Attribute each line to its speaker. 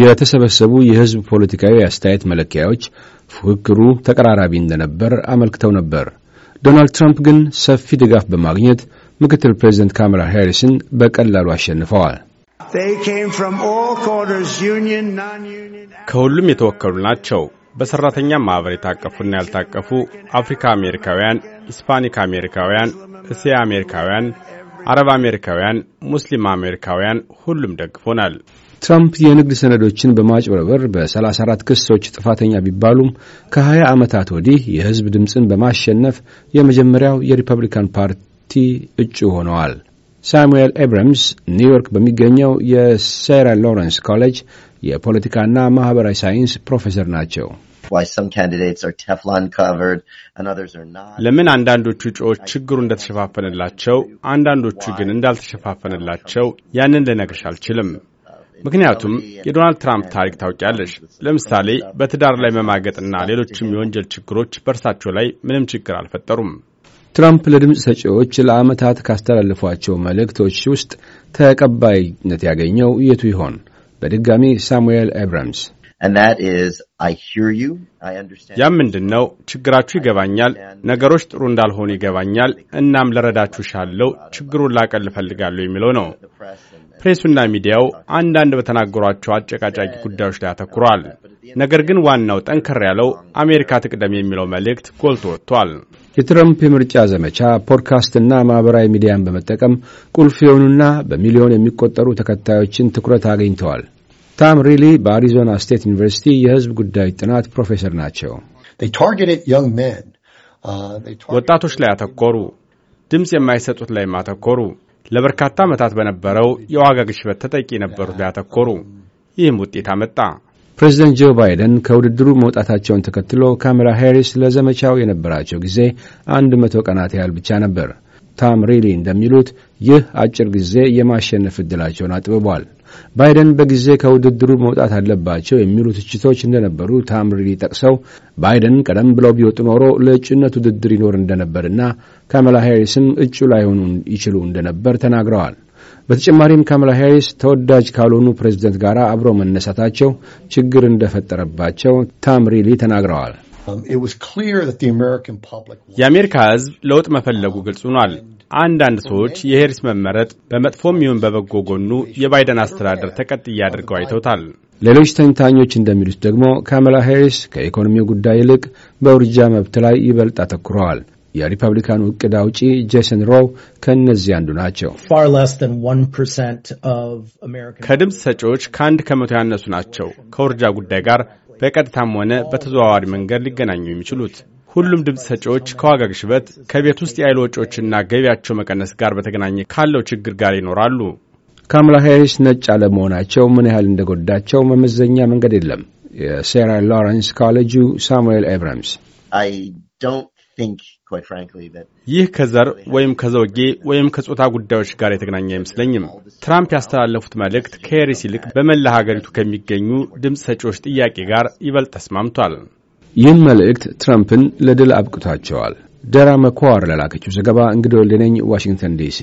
Speaker 1: የተሰበሰቡ የሕዝብ ፖለቲካዊ አስተያየት መለኪያዎች ፉክክሩ ተቀራራቢ እንደነበር አመልክተው ነበር። ዶናልድ ትራምፕ ግን ሰፊ ድጋፍ በማግኘት ምክትል ፕሬዚደንት ካማላ ሃሪስን በቀላሉ አሸንፈዋል።
Speaker 2: ከሁሉም የተወከሉ ናቸው። በሠራተኛ ማኅበር የታቀፉና ያልታቀፉ፣ አፍሪካ አሜሪካውያን፣ ሂስፓኒክ አሜሪካውያን፣ እስያ አሜሪካውያን አረብ አሜሪካውያን፣ ሙስሊም አሜሪካውያን ሁሉም ደግፎናል።
Speaker 1: ትራምፕ የንግድ ሰነዶችን በማጭበርበር በ34 ክሶች ጥፋተኛ ቢባሉም ከ20 ዓመታት ወዲህ የህዝብ ድምፅን በማሸነፍ የመጀመሪያው የሪፐብሊካን ፓርቲ እጩ ሆነዋል። ሳሙኤል ኤብረምስ ኒውዮርክ በሚገኘው የሴራ ሎረንስ ኮሌጅ የፖለቲካና ማኅበራዊ ሳይንስ ፕሮፌሰር ናቸው።
Speaker 2: ለምን አንዳንዶቹ እጩዎች ችግሩ እንደተሸፋፈነላቸው አንዳንዶቹ ግን እንዳልተሸፋፈነላቸው ያንን ልነግርሽ አልችልም። ምክንያቱም የዶናልድ ትራምፕ ታሪክ ታውቂያለሽ። ለምሳሌ በትዳር ላይ መማገጥና ሌሎችም የወንጀል ችግሮች በእርሳቸው ላይ ምንም ችግር አልፈጠሩም።
Speaker 1: ትራምፕ ለድምፅ ሰጪዎች ለዓመታት ካስተላለፏቸው መልእክቶች ውስጥ ተቀባይነት ያገኘው የቱ ይሆን? በድጋሚ ሳሙኤል አብራምስ ያ ምንድን
Speaker 2: ነው? ችግራችሁ ይገባኛል። ነገሮች ጥሩ እንዳልሆኑ ይገባኛል። እናም ልረዳችሁ ሻለው ችግሩን ላቀል እፈልጋለሁ የሚለው ነው። ፕሬሱና ሚዲያው አንዳንድ በተናገሯቸው አጨቃጫቂ ጉዳዮች ላይ አተኩሯል። ነገር ግን ዋናው ጠንከር ያለው አሜሪካ ትቅደም የሚለው መልእክት ጎልቶ ወጥቷል።
Speaker 1: የትረምፕ የምርጫ ዘመቻ ፖድካስትና ማኅበራዊ ሚዲያን በመጠቀም ቁልፍ የሆኑና በሚሊዮን የሚቆጠሩ ተከታዮችን ትኩረት አግኝተዋል። ታም ሪሊ በአሪዞና ስቴት ዩኒቨርሲቲ የሕዝብ ጉዳዮች ጥናት ፕሮፌሰር ናቸው። uh,
Speaker 2: ወጣቶች ላይ አተኮሩ፣ ድምፅ የማይሰጡት ላይ ማተኮሩ፣ ለበርካታ ዓመታት በነበረው የዋጋ ግሽበት ተጠቂ የነበሩት ላይ አተኮሩ። ይህም ውጤት አመጣ።
Speaker 1: ፕሬዚደንት ጆ ባይደን ከውድድሩ መውጣታቸውን ተከትሎ ካሜላ ሄሪስ ለዘመቻው የነበራቸው ጊዜ አንድ መቶ ቀናት ያህል ብቻ ነበር። ታም ሪሊ እንደሚሉት ይህ አጭር ጊዜ የማሸነፍ ዕድላቸውን አጥብቧል። ባይደን በጊዜ ከውድድሩ መውጣት አለባቸው የሚሉ ትችቶች እንደነበሩ ታምሪሪ ጠቅሰው ባይደን ቀደም ብለው ቢወጡ ኖሮ ለእጩነት ውድድር ይኖር እንደነበርና ካመላ ሃሪስም እጩ ላይሆኑ ይችሉ እንደነበር ተናግረዋል። በተጨማሪም ካመላ ሃሪስ ተወዳጅ ካልሆኑ ፕሬዝደንት ጋር አብረው መነሳታቸው ችግር እንደፈጠረባቸው ታምሪሊ ተናግረዋል።
Speaker 2: um, የአሜሪካ ሕዝብ ለውጥ መፈለጉ ግልጽ ሆኗል። አንዳንድ ሰዎች የሄሪስ መመረጥ በመጥፎም ይሁን በበጎ ጎኑ የባይደን አስተዳደር ተቀጥያ አድርገው አይተውታል።
Speaker 1: ሌሎች ተንታኞች እንደሚሉት ደግሞ ካማላ ሄሪስ ከኢኮኖሚው ጉዳይ ይልቅ በውርጃ መብት ላይ ይበልጥ አተኩረዋል። የሪፐብሊካኑ እቅድ አውጪ ጄሰን ሮው ከእነዚህ አንዱ ናቸው።
Speaker 2: ከድምፅ ሰጪዎች ከአንድ ከመቶ ያነሱ ናቸው ከውርጃ ጉዳይ ጋር በቀጥታም ሆነ በተዘዋዋሪ መንገድ ሊገናኙ የሚችሉት ሁሉም ድምፅ ሰጪዎች ከዋጋ ግሽበት ከቤት ውስጥ የኃይል ወጪዎችና ገቢያቸው መቀነስ ጋር በተገናኘ ካለው ችግር ጋር ይኖራሉ።
Speaker 1: ካምላ ሄሪስ ነጭ አለመሆናቸው ምን ያህል እንደጎዳቸው መመዘኛ መንገድ የለም። የሴራ ሎረንስ ኮሌጁ ሳሙኤል ኤብራምስ
Speaker 2: ይህ ከዘር ወይም ከዘውጌ ወይም ከጾታ ጉዳዮች ጋር የተገናኘ አይመስለኝም። ትራምፕ ያስተላለፉት መልእክት ከሄሪስ ይልቅ በመላ ሀገሪቱ ከሚገኙ ድምፅ ሰጪዎች ጥያቄ ጋር ይበልጥ ተስማምቷል።
Speaker 1: ይህም መልእክት ትራምፕን ለድል አብቅቷቸዋል። ደራ መኳር ለላከችው ዘገባ እንግዲህ ወልደነኝ ዋሽንግተን ዲሲ